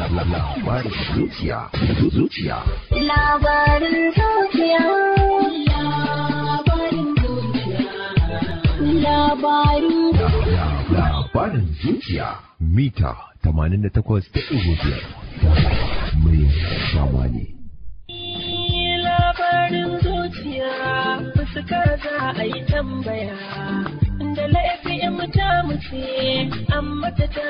labarin zuciya zuciya labarin zuciya labarin zuciya labarin labarin zuciya mita da mai samani labarin zuciya fuska za a yi tambaya da laifin mu ce an mata ta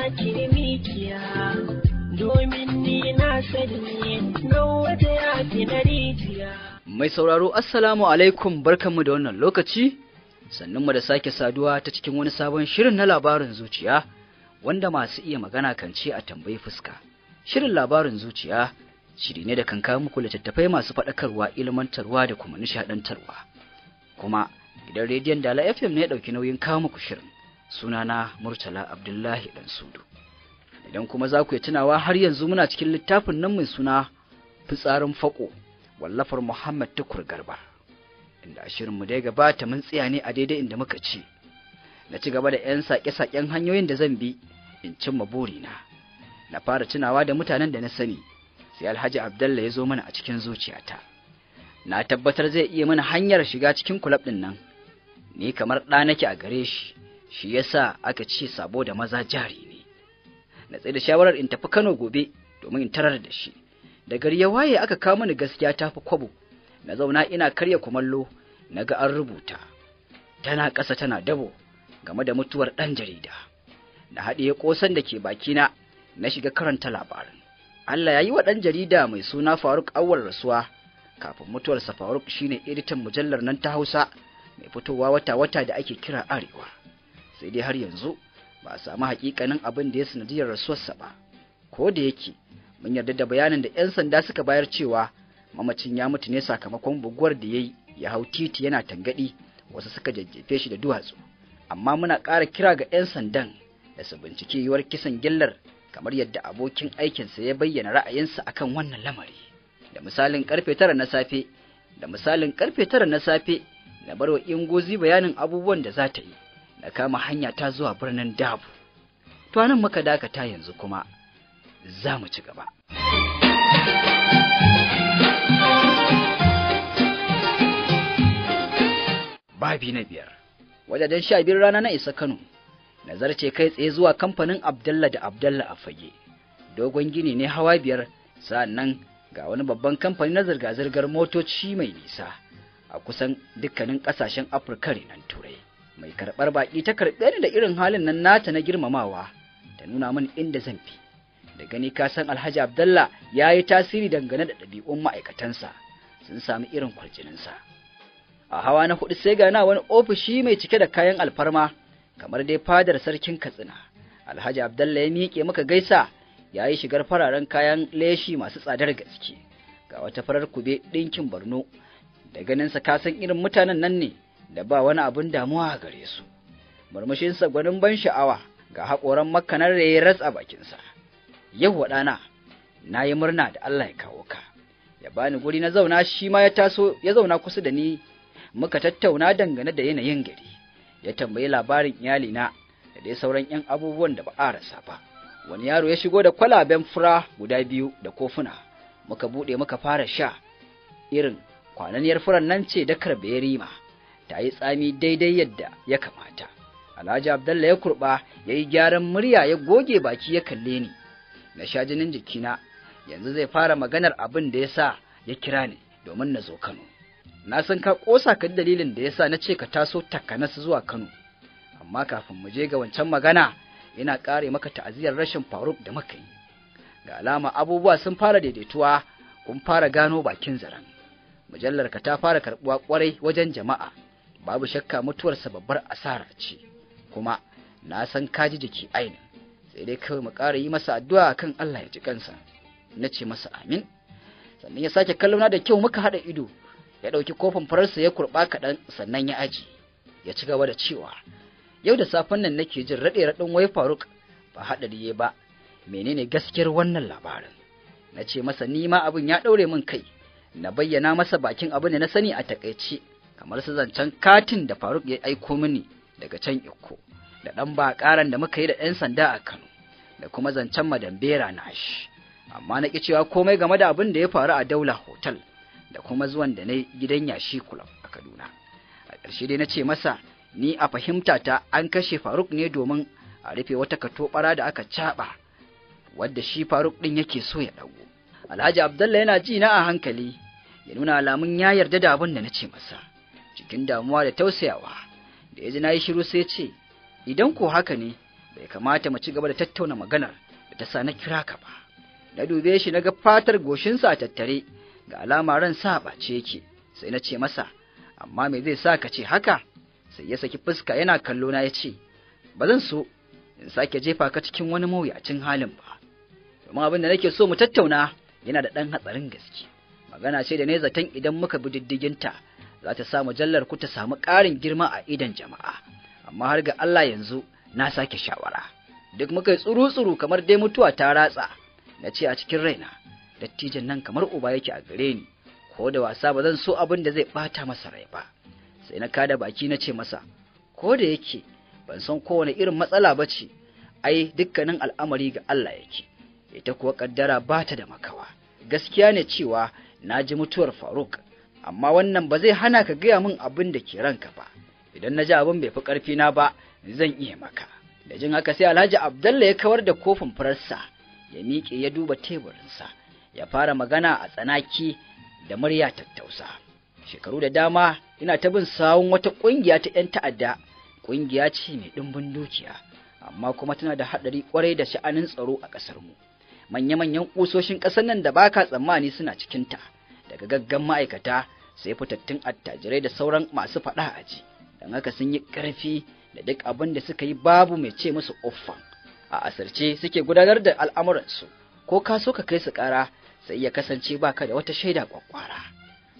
mikiya. domin ni na sani wata yaki na rijiya. Mai sauraro Assalamu alaikum barkanmu da wannan lokaci, sannunmu da sake saduwa ta cikin wani sabon shirin na labarin zuciya wanda masu iya magana kan ce a tambayi fuska. Shirin labarin zuciya shiri ne da kan kawo muku littattafai masu faɗakarwa ilmantarwa da kuma nishaɗantarwa. Kuma idan rediyon Dala FM ne ya ɗauki nauyin kawo muku shirin sunana Murtala Abdullahi Ɗansudu. idan kuma za ku yi tunawa har yanzu muna cikin littafin nan mai suna fitsarin faƙo wallafar muhammad tukur garba inda mu da ya gabata mun tsaya ne a daidai inda muka ce na ci gaba da 'yan saƙe-saƙen hanyoyin da zan bi in cimma burina na fara tunawa da mutanen da na sani sai alhaji Abdullahi ya zo mana a cikin zuciyata na tabbatar zai iya mana hanyar shiga cikin kulab din nan ni kamar ɗa nake a gare shi shi yasa aka ce sabo da maza jari na tsaye da shawarar in tafi Kano gobe domin in tarar da shi da gari ya waye aka kawo mini gaskiya ta fi kwabo na zauna ina karya kumallo na ga an rubuta tana ƙasa tana dabo game da mutuwar ɗan jarida na haɗiye ƙosan da ke bakina na shiga karanta labarin Allah ya yi wa ɗan jarida mai suna Faruk awal rasuwa kafin mutuwarsa Faruk shine editan mujallar nan ta Hausa mai fitowa wata-wata da ake kira Arewa sai dai har yanzu ba a samu hakikanin abin da ya sanadiyar rasuwarsa ba ko da yake mun yarda da bayanin da 'yan sanda suka bayar cewa mamacin ya mutu ne sakamakon buguwar da ya yi ya hau titi yana tangadi wasu suka jajjefe shi da duwatsu amma muna ƙara kira ga 'yan sandan da su bincike yiwuwar kisan gillar kamar yadda abokin aikinsa ya bayyana ra'ayinsa akan wannan lamari da misalin karfe tara na safe da misalin karfe tara na safe na barwa ingozi bayanin abubuwan da za ta yi na kama hanya ta zuwa birnin dabu to nan muka dakata yanzu kuma za mu ci gaba babi na biyar wajajen sha biyar rana na isa kano nazar ce kai tsaye zuwa kamfanin abdalla da abdalla a fage dogon gini ne hawa biyar sa-nan ga wani babban kamfani na zirga-zirgar motoci mai nisa a kusan dukkanin ƙasashen afirka renan turai mai karɓar baƙi ta karɓe ni da irin halin nan nata na girmamawa ta nuna min inda zan fi da gani ka san alhaji abdallah ya yi tasiri dangane da ɗabi'un ma'aikatansa sun sami irin kwarjininsa a hawa na hudu sai gana wani ofishi mai cike da kayan alfarma kamar dai fadar sarkin katsina alhaji abdallah ya miƙe maka gaisa ya yi shigar fararen kayan leshi masu tsadar gaske ga wata farar kube ɗinkin borno da ganinsa ka san irin mutanen nan ne da ba wani abin damuwa gare su murmushinsa gwanin ban sha'awa ga haƙoran makanar da ya ratsa bakinsa yau ɗana na yi murna da Allah ya kawo ka ya bani guri na zauna shi ma ya taso ya zauna kusa da ni muka tattauna dangane da yanayin gari ya tambayi labarin na da dai sauran 'yan abubuwan da ba a rasa ba wani yaro ya shigo da kwalaben fura guda biyu da kofuna muka buɗe muka fara sha irin kwananiyar furan nan ce da karbe rima ta yi tsami daidai yadda ya kamata alhaji abdalla ya kurɓa ya yi gyaran murya ya goge baki ya kalle ni na sha jinin jikina yanzu zai fara maganar abin da ya sa ya kira ni domin na zo kano na san ka ƙosa ka dalilin da ya sa na ce ka taso takanas zuwa kano amma kafin mu je ga wancan magana ina ƙare maka ta'aziyar rashin faruk da maka yi ga alama abubuwa sun fara daidaituwa kun fara gano bakin zaren mujallarka ta fara karɓuwa ƙwarai wajen jama'a babu shakka mutuwarsa babbar asara ce kuma na san kaji jiki aini. sai dai kawai mu ƙara yi masa addu'a kan Allah ya ji kansa na ce masa amin sannan ya sake kallona da kyau muka haɗa ido ya ɗauki kofin fararsa ya kurɓa kaɗan sannan ya aji ya ci gaba da cewa yau da safen nan nake jin raɗe raɗin wai faruk ba haɗari ya ba menene gaskiyar wannan labarin na ce masa ni ma abin ya ɗaure min kai na bayyana masa bakin abin da na sani a takaice kamar su zancen katin da Faruk ya aiko mini daga can Ikko da ɗan baƙaran da muka yi da ɗan sanda a Kano da kuma zancen madambera na shi amma na ƙi cewa komai game da abin da ya faru a Daula Hotel da kuma zuwan da na gidan yashi club a Kaduna a ƙarshe dai na ce masa ni a fahimta ta an kashe Faruk ne domin a rufe wata katobara da aka caɓa wadda shi Faruk ɗin yake so ya ɗago Alhaji Abdullahi yana ji na a hankali ya nuna alamun ya yarda da abin da na ce masa cikin damuwa da tausayawa da ya ji na yi shiru sai ce idan ko haka ne bai kamata mu ci gaba da tattauna maganar da ta sa na kira ka ba na dube shi na ga fatar goshinsa a tattare ga alama ran sa ɓace yake sai na ce masa amma me zai sa ka ce haka sai ya saki fuska yana kallo na ya ce ba zan so in sake jefa ka cikin wani mawuyacin halin ba domin abin da nake so mu tattauna yana da ɗan hatsarin gaske magana ce da ne zaton idan muka bi diddiginta za ta sa mujallar ku ta samu ƙarin girma a idan jama'a amma har ga Allah yanzu na sake shawara duk muka yi tsuru-tsuru kamar dai mutuwa ta ratsa na ce a cikin raina dattijan nan kamar uba yake a gare ni ko da wasa ba zan so abin da zai ɓata masa rai ba sai na kada baki na ce masa ko da yake ban san kowane irin matsala ba ce ai dukkanin al'amari ga Allah yake ita kuwa ƙaddara bata da makawa gaskiya ne cewa na ji mutuwar faruk amma wannan ba zai hana ka gaya min abin da ke ranka ba idan na ji abin bai fi ƙarfi na ba zan iya maka da jin haka sai alhaji abdalla ya kawar da kofin fararsa ya miƙe ya duba teburinsa ya fara magana a tsanaki da murya tattausa shekaru da dama ina ta bin sawun wata ƙungiya ta 'yan ta'adda ƙungiya ce mai ɗumbin dukiya amma kuma tana da haɗari ƙwarai da sha'anin tsaro a ƙasarmu manya-manyan ƙusoshin ƙasar nan da baka tsammani suna cikinta ta daga gaggan ma'aikata sai fitattun attajirai da sauran masu faɗa a ji don haka sun yi ƙarfi da duk abin da suka yi babu mai ce musu uffan a asirce suke gudanar da al'amuransu ko ka so ka kai su ƙara sai ya kasance baka da wata shaida ƙwaƙwara.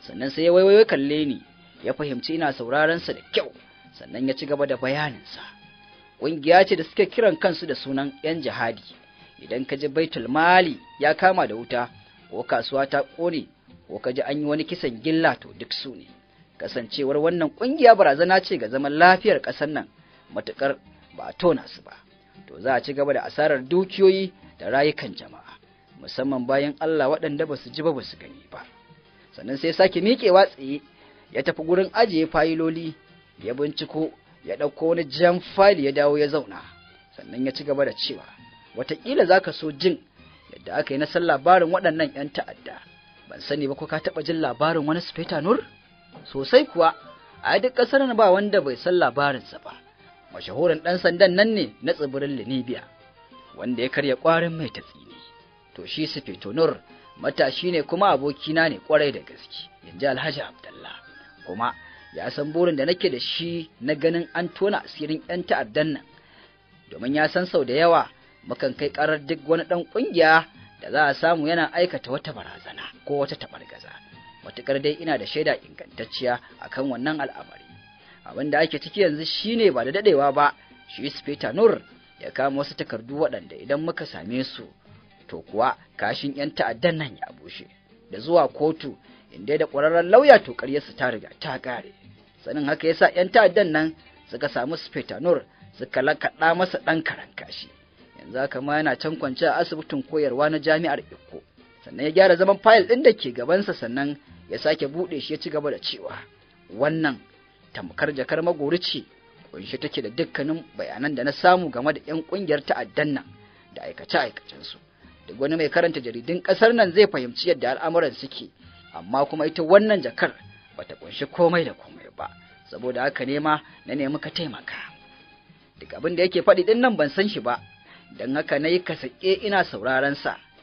sannan sai ya waiwayo kalle ni ya fahimci ina saurarensa da kyau sannan ya ci gaba da bayaninsa ƙungiya ce da suke kiran kansu da sunan 'yan jihadi idan ka ji baitul mali ya kama da wuta ko kasuwa ta ƙone ko ka ji an yi wani kisan gilla to duk su ne kasancewar wannan ƙungiya barazana ce ga zaman lafiyar ƙasar nan matukar ba a tona su ba to za a ci gaba da asarar dukiyoyi da rayukan jama'a musamman bayan Allah waɗanda ba su ji ba ba su gani ba sannan sai sake miƙewa tsaye ya tafi gurin ajiye fayiloli ya binciko ya ɗauko wani jan fayil ya dawo ya zauna sannan ya ci gaba da cewa watakila za ka so jin yadda aka yi na sallah barin waɗannan ‘yan ta'adda ban sani ba ko ka taɓa jin labarin wani sufeta sosai kuwa a duk ƙasar ba wanda bai san labarinsa ba mashahurin ɗan sandan nan ne na tsibirin libya wanda ya karya kwarin mai tatsini tsini. to shi sufeto matashi ne kuma abokina ne kwarai da gaske yanzu alhaji abdullah kuma ya san burin da nake da shi na ganin an tona asirin 'yan ta'addan nan domin ya san sau da yawa mukan kai karar duk wani ɗan ƙungiya da za a samu yana aikata wata barazana ko wata tabargaza matukar dai ina da shaida ingantacciya akan wannan al'amari abin da ake ciki yanzu shine ba da daɗewa ba shi speta nur ya kama wasu takardu waɗanda idan muka same su to kuwa kashin yan ta'addan nan ya bushe da zuwa kotu inda da ƙwararren lauya to su ta riga ta ƙare sanin haka ya sa yan ta'addan nan suka samu speta nur suka lakaɗa masa ɗan karan kashi yanzu haka ma yana can kwance a asibitin koyarwa na jami'ar Ikko sannan ya gyara zaman fayil ɗin da ke gabansa sannan ya sake buɗe shi ya ci gaba da cewa wannan tamkar jakar magori ce kunshi take da dukkanin bayanan da na samu game da 'yan ƙungiyar ta'addan nan da aikace aikacen su. duk wani mai karanta jaridun ƙasar nan zai fahimci yadda al'amuran suke amma kuma ita wannan jakar bata kunshi komai da komai ba saboda haka ne ma na nemi ka taimaka duk abin da yake faɗi ɗin nan ban san shi ba don haka na yi kasake ina sa,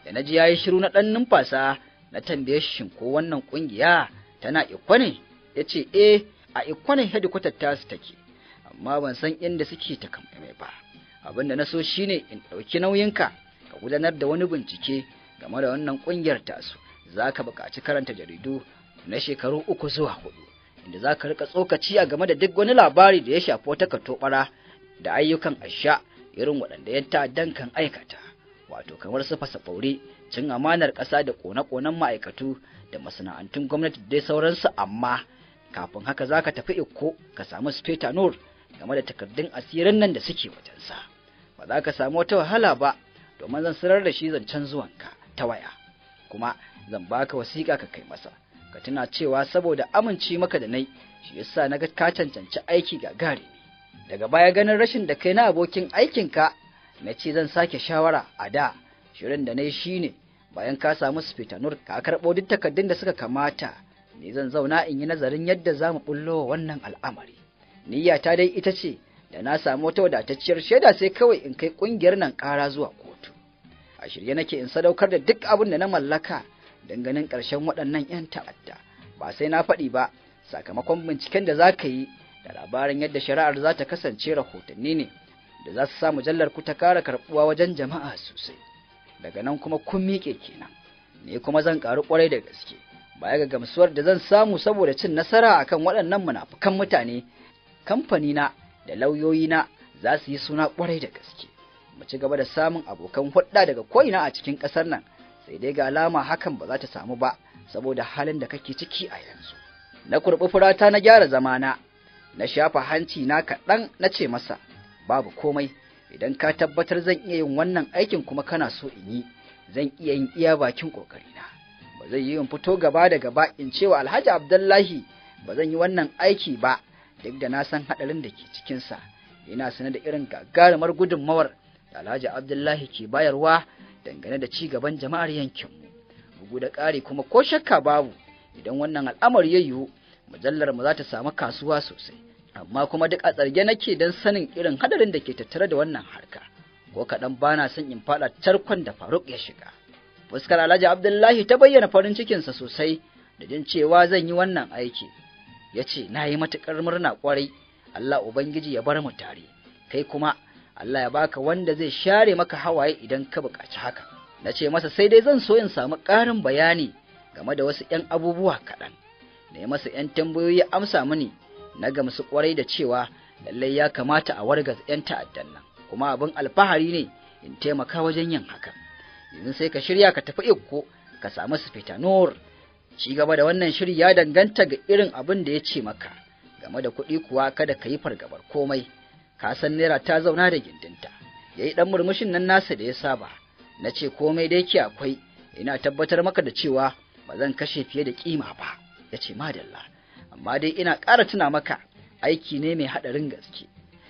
da na ji ya yi shiru na ɗan numfasa na tambaye shi ko wannan ƙungiya tana ne? ya ce, eh, a ikwane hedikwatar su take, amma ban san inda suke ta ba. Abin da na so shi ne in ɗauki nauyinka, ka gudanar da wani bincike game da wannan ƙungiyar tasu, za ka buƙaci karanta jaridu na shekaru uku zuwa hudu, inda za ka riƙa tsokaci a game da duk wani labari da ya shafi wata katobara da ayyukan asha irin waɗanda ya ta'addan kan aikata wato kamar su fasa fasafauri cin amanar ƙasa da ƙone-ƙonen ma'aikatu da masana'antun gwamnati da sauransu amma kafin haka za ka tafi iko ka samu spetanur game da takardun asirin nan da suke wajensa ba za ka samu wata wahala ba domin zan sanar da shi zancen zuwanka ta waya kuma zan baka wasiƙa ka kai masa ka tuna cewa saboda amince maka da nai shi yasa na ga ka cancanci aiki gagari daga baya ganin rashin da kai na abokin aikinka na ce zan sake shawara a da shirin da na yi shi ne bayan ka samu spitanur ka karɓo duk takardun da suka kamata ni zan zauna in yi nazarin yadda za mu ɓullo wannan al'amari Niyya ta dai ita ce da na samu wata wadatacciyar shaida sai kawai in kai ƙungiyar nan ƙara zuwa kotu a shirye nake in sadaukar da duk abin da na mallaka don ganin ƙarshen waɗannan 'yan ta'adda ba sai na faɗi ba sakamakon binciken da za ka yi da labarin yadda shari'ar za ta kasance rahotanni ne da za su sa mujallar ta kara karbuwa wajen jama'a sosai daga nan kuma kun miƙe kenan ne kuma zan karu kwarai da gaske baya ga gamsuwar da zan samu saboda cin nasara akan waɗannan munafukan mutane kamfani na da lauyoyi na za su yi suna kwarai da gaske mu ci gaba da samun abokan hudda daga ko'ina a cikin ƙasar nan sai dai ga alama hakan ba za ta samu ba saboda halin da kake ciki a yanzu na kurɓi furata na gyara zamana na shafa hanci na kaɗan na ce masa babu komai idan ka tabbatar zan iya yin wannan aikin kuma kana so in yi zan iya yin iya bakin ƙoƙarina ba zai yi in fito gaba da gaba in cewa alhaji abdullahi ba zan yi wannan aiki ba duk da na san haɗarin da ke cikinsa ina sanar da irin gagarumar gudunmawar da alhaji abdullahi ke bayarwa dangane da ci gaban jama'ar yankinmu bugu da ƙari kuma ko shakka babu idan wannan al'amari ya yiwu mujallar mu za ta samu kasuwa sosai amma kuma duk a tsarge nake don sanin irin hadarin da ke tattare da wannan harka ko kaɗan ba na son in faɗa tarkon da faruk ya shiga fuskar alhaji abdullahi ta bayyana farin cikinsa sosai da jin cewa zan yi wannan aiki ya ce na yi matuƙar murna kwarai. allah ubangiji ya bar mu tare kai kuma allah ya baka wanda zai share maka hawaye idan ka buƙaci haka na ce masa sai dai zan so in samu ƙarin bayani game da wasu ‘yan abubuwa kaɗan na yi masa ‘yan tambayoyi amsa mini na gamsu kwarai da cewa lallai ya kamata a warga 'yan ta'addan nan kuma abin alfahari ne in taimaka wajen yin hakan yanzu sai ka shirya ka tafi iko ka samu sifitanor ci gaba da wannan shiri ya danganta ga irin abin da ya ce maka game da kuɗi kuwa kada ka yi fargabar komai ka san naira ta zauna da gindinta ya yi ɗan murmushin nan nasa da ya saba na ce komai da yake akwai ina tabbatar maka da cewa ba zan kashe fiye da kima ba ya ce madalla amma dai ina ƙara tuna maka aiki ne mai haɗarin gaske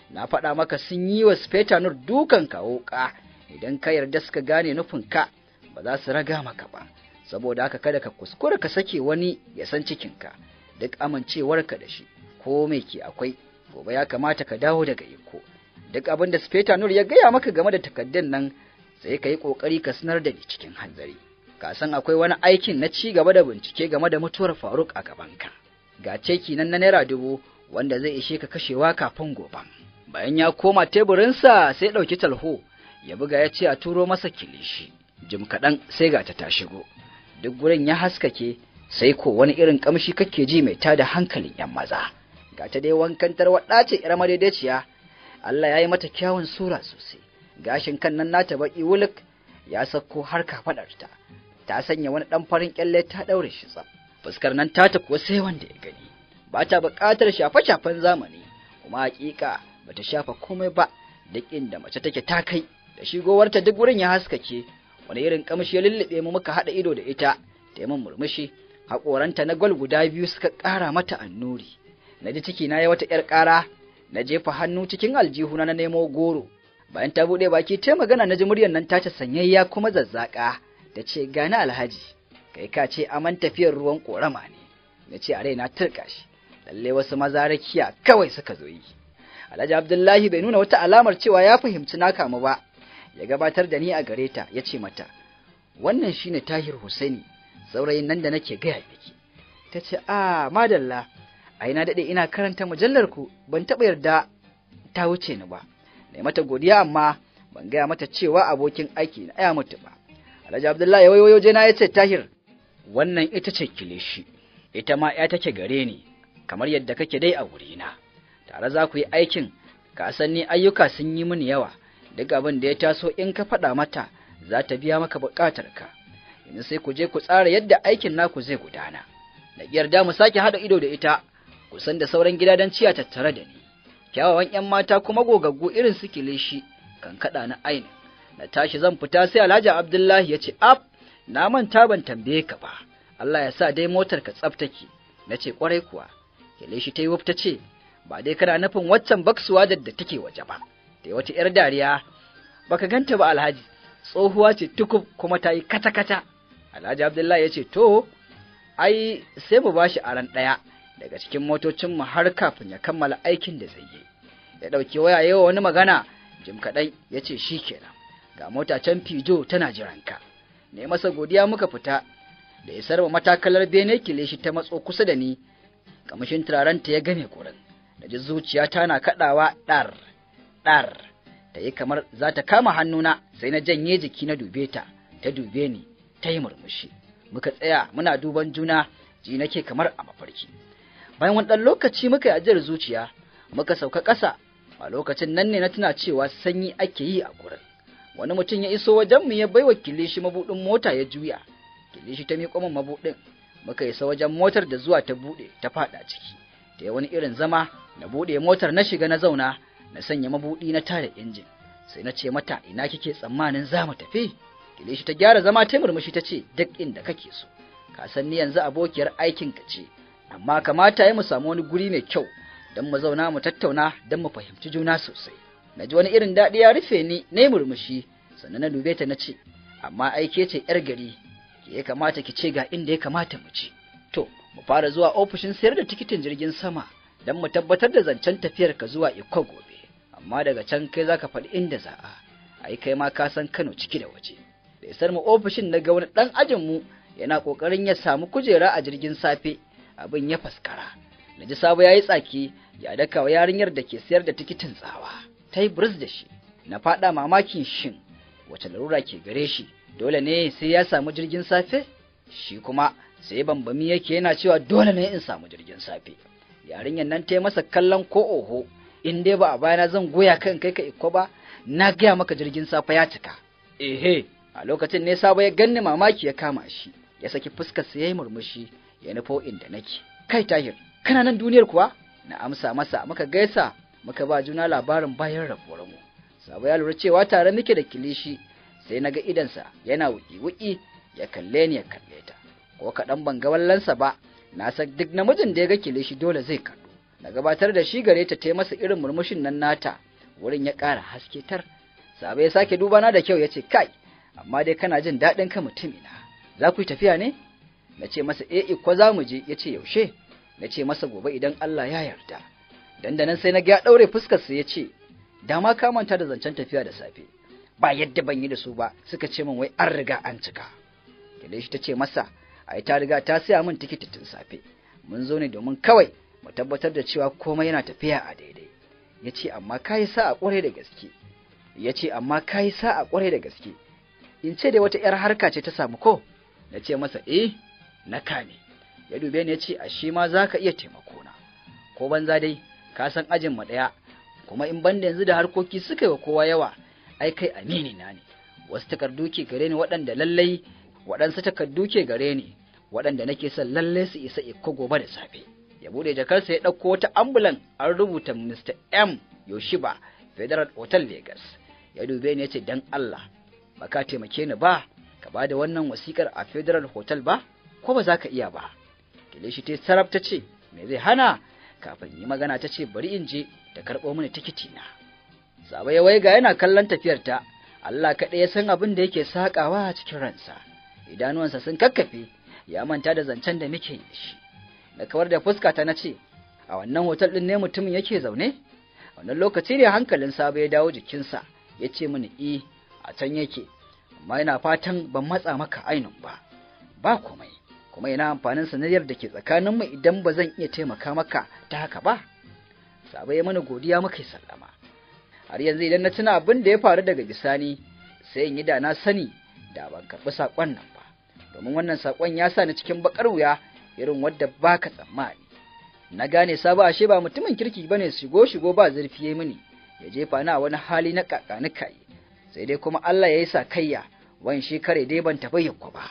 na faɗa maka sun yi wa Spetanur dukan kawo ka idan ka yarda suka gane nufin ka ba za su raga maka ba saboda haka kada ka kuskura ka sake wani ya san cikinka duk amincewarka da shi ko mai ke akwai gobe ya kamata ka dawo daga iko duk abin da Spetanur ya gaya maka game da takaddun nan sai ka yi ƙoƙari ka sanar da ni cikin hanzari ka san akwai wani aikin na ci gaba da bincike game da mutuwar Faruk a gabanka. ga ceki nan na naira dubu wanda zai ishe ka kashewa kafin gobe. Bayan ya koma teburinsa sai ɗauki talho, ya buga ya ce a turo masa kilishi, jim kaɗan sai ga ta ta shigo. Duk gurin ya haskake sai ko wani irin ƙamshi kake ji mai tada hankalin ‘yan maza. Ga ta dai wankan tarwaɗa ce ‘yar madaidaiciya, Allah ya yi mata kyawun sura sosai. Gashin kan nan nata baƙi wuluk ya sauko har kafaɗarta, ta sanya wani ɗan farin ƙyalle ta ɗaure shi tsab. fuskar nan tata kuwa sai wanda ya gani ba ta buƙatar shafe-shafen zamani kuma hakika ba ta shafa komai ba da da mace take ta kai da shigowarta duk wurin ya haskake wani irin kamshi ya lullube mu muka haɗa ido da ita ta yi murmushi haƙoranta na gwal guda biyu suka ƙara mata annuri na ji ciki na ya wata ƴar ƙara na jefa hannu cikin aljihu na nemo goro bayan ta buɗe baki ta magana na ji muryar nan ta ta sanyayya kuma zazzaƙa da ce gani alhaji kai ka ce aman tafiyar ruwan korama ne na ce a raina turka shi lalle wasu maza rakiya kawai suka zo yi alhaji abdullahi bai nuna wata alamar cewa ya fahimci na kamu ba ya gabatar da ni a gare ta ya ce mata wannan shine tahir husaini saurayin nan da nake gaya miki ta ce a madalla A ina daɗe ina karanta mujallar ku ban taɓa yarda ta wuce ni ba na mata godiya amma ban gaya mata cewa abokin aiki na aya mutu ba alhaji abdullahi ya na ya ce tahir wannan ita ce kilishi ita ma ya take gare ni kamar yadda kake dai a na. tare za ku yi aikin ka san ni ayyuka sun yi mini yawa duk abin da ya taso in ka faɗa mata za ta biya maka ka. yanzu sai ku je ku tsara yadda aikin naku zai gudana da yarda mu sake haɗa ido da ita kusan da sauran gida don ciya tattare da ni kyawawan 'yan mata kuma gogaggu irin su kilishi kan kaɗa na aini na tashi zan fita sai alhaji abdullahi ya ce af na manta ban tambaye ka ba Allah ya sa dai motar ka tsaftake na ce kwarai kuwa kele shi ta yi wafta ce ba dai kana nufin waccan baksuwa da take waje ba da wata yar dariya ba ka ganta ba alhaji tsohuwa ce tukub kuma ta yi kata-kata alhaji abdullahi ya ce to ai sai mu bashi aran ɗaya daga cikin motocinmu har kafin ya kammala aikin da zai yi ya ɗauki waya yawa wani magana jim kaɗai ya ce shi kenan ga mota can Pijo tana jiranka ne masa godiya muka fita da isar wa matakalar bene kile shi ta matso kusa da ni kamashin turarenta ya game kurin da ji zuciya ta na kaɗawa ɗar ɗar ta yi kamar za ta kama hannuna sai na janye jiki na dube ta ta dube ni ta yi murmushi muka tsaya muna duban juna ji nake kamar a mafarki bayan wani ɗan lokaci muka yi ajiyar zuciya muka sauka ƙasa a lokacin nan ne na tuna cewa sanyi ake yi a gurin wani mutum ya iso wajen mu ya bai wa kilishi mabuɗin mota ya juya kilishi ta miƙo min mabudin, muka isa wajen motar da zuwa ta buɗe ta faɗa ciki ta yi wani irin zama na buɗe motar na shiga na zauna na sanya mabuɗi na tare injin sai na ce mata ina kike tsammanin za mu tafi kilishi ta gyara zama ta murmushi ta ce duk inda kake so ka san ni yanzu abokiyar aikin ka ce amma kamata ya mu samu wani guri mai kyau don mu zauna mu tattauna don mu fahimci juna sosai na ji wani irin daɗi ya rufe ni na yi murmushi sannan na dube ta na ce amma aike ce yar gari ke ya kamata ki ce ga inda ya kamata mu ci to mu fara zuwa ofishin sayar da tikitin jirgin sama don mu tabbatar da zancen tafiyar ka zuwa ikko gobe amma daga can kai za ka faɗi inda za a ai kai ma ka san kano ciki da waje da isar mu ofishin na ga wani ɗan ajin mu yana ƙoƙarin ya samu kujera a jirgin safe abin ya faskara na ji sabo ya yi tsaki ya daka wa yarinyar da ke sayar da tikitin tsawa ta yi buris da shi na faɗa mamakin shin wace larura ke gare shi dole ne sai ya samu jirgin safe shi kuma sai bambami yake yana cewa dole ne in samu jirgin safe yarinyar nan ta yi masa kallon ko oho in dai ba a bayana zan goya kan kai ka iko ba na gaya maka jirgin safe ya cika ehe a lokacin ne sabo ya ganni mamaki ya kama shi ya saki fuskar sa yi murmushi ya nufo inda nake kai tahir kana nan duniyar kuwa na amsa masa maka gaisa muka ba juna labarin bayan rabuwar mu sabo ya lura cewa tare muke da kilishi sai na ga idansa yana wuki-wuki ya kalle ni ya kalle ta ko kaɗan ban ga wallansa ba na san duk namijin da ya ga kilishi dole zai kallo na gabatar da shi gare ta ta masa irin murmushin nan nata wurin ya ƙara haske tar sabo ya sake duba na da kyau yace kai amma dai kana jin daɗin ka mutumina za ku tafiya ne Nace ce masa e ko za mu je yace yaushe Nace masa gobe idan Allah ya yarda dandanan sai na ga ya daure fuskar sa yace dama ka manta da zancen tafiya da safe ba yadda ban yi da su ba suka ce min wai an riga an cika da shi tace masa ai ta riga ta saya min tikiti tun safe mun zo ne domin kawai mu tabbatar da cewa komai yana tafiya a daidai yace amma kai sa a kware da gaske yace amma kai sa a kware da gaske in ce dai wata 'yar harka ce ta samu ko na ce masa eh na kane. ya dube ni ya ce a shi ma za ka iya taimakona ko banza dai ka san ajin mu ɗaya kuma in banda yanzu da harkoki suka yi wa kowa yawa ai kai amini na ne wasu takardu ke gare ni waɗanda lallai waɗansu takardu ke gare ni waɗanda nake son lallai su isa iko gobe da safe ya bude jakarsa ya ɗauko wata ambulan an rubuta Mr. M Yoshiba Federal Hotel Lagos ya dube ni ya ce dan Allah ba ka taimake ni ba ka ba da wannan wasikar a Federal Hotel ba ko ba za ka iya ba kilishi ta sarabta ce me zai hana kafin yi magana ta ce bari in je ta karɓo mini tikiti na Sabo ya waiga yana kallon tafiyarta Allah kaɗai ya san abin da yake sakawa a cikin ransa idanuwansa sun kakkafe ya manta da zancen da muke shi da kawar da fuska ta na ce, a wannan hotel ɗin ne mutumin yake zaune wannan lokaci ne hankalin sabo ya dawo jikinsa ya ce mini i eh, a can yake amma yana fatan ban matsa maka ainun ba ba komai kuma ina amfanin sanayyar da ke tsakaninmu idan ba zan iya taimaka maka ta haka ba sabo ya mana godiya muka yi sallama har yanzu idan na tuna abin da ya faru daga bisani sai in yi da na sani da ban karɓi saƙon nan ba domin wannan saƙon ya sa ni cikin baƙar wuya irin wadda ba ka tsammani na gane sabo ashe ba mutumin kirki ba ne shigo shigo ba zurfi ya mini ya jefa ni a wani hali na kakani kai sai dai kuma Allah ya yi sa kayya wani shekara dai ban taɓa yakwa ba.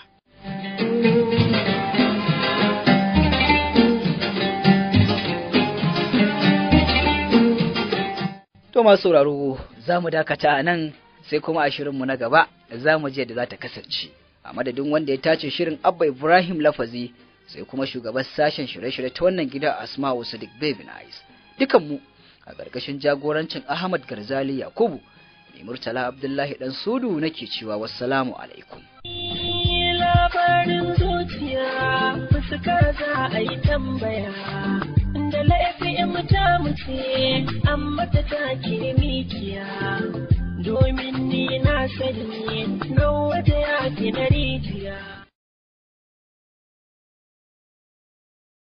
to masu sauraro za mu dakata a nan sai kuma a shirinmu na gaba za mu je da za ta kasance a madadin wanda ya tace shirin abba ibrahim lafazi sai kuma shugaban sashen shirye-shirye ta wannan gida asma'u sadiq baby nice dukan mu a ƙarƙashin jagorancin ahmad garzali yakubu ne murtala abdullahi dan sudu nake cewa wassalamu alaikum labarin zuciya fuskar za a yi tambaya 'yan mata mutu amma ta take mikiya domin ni na sani rawa ta yaki na rijiya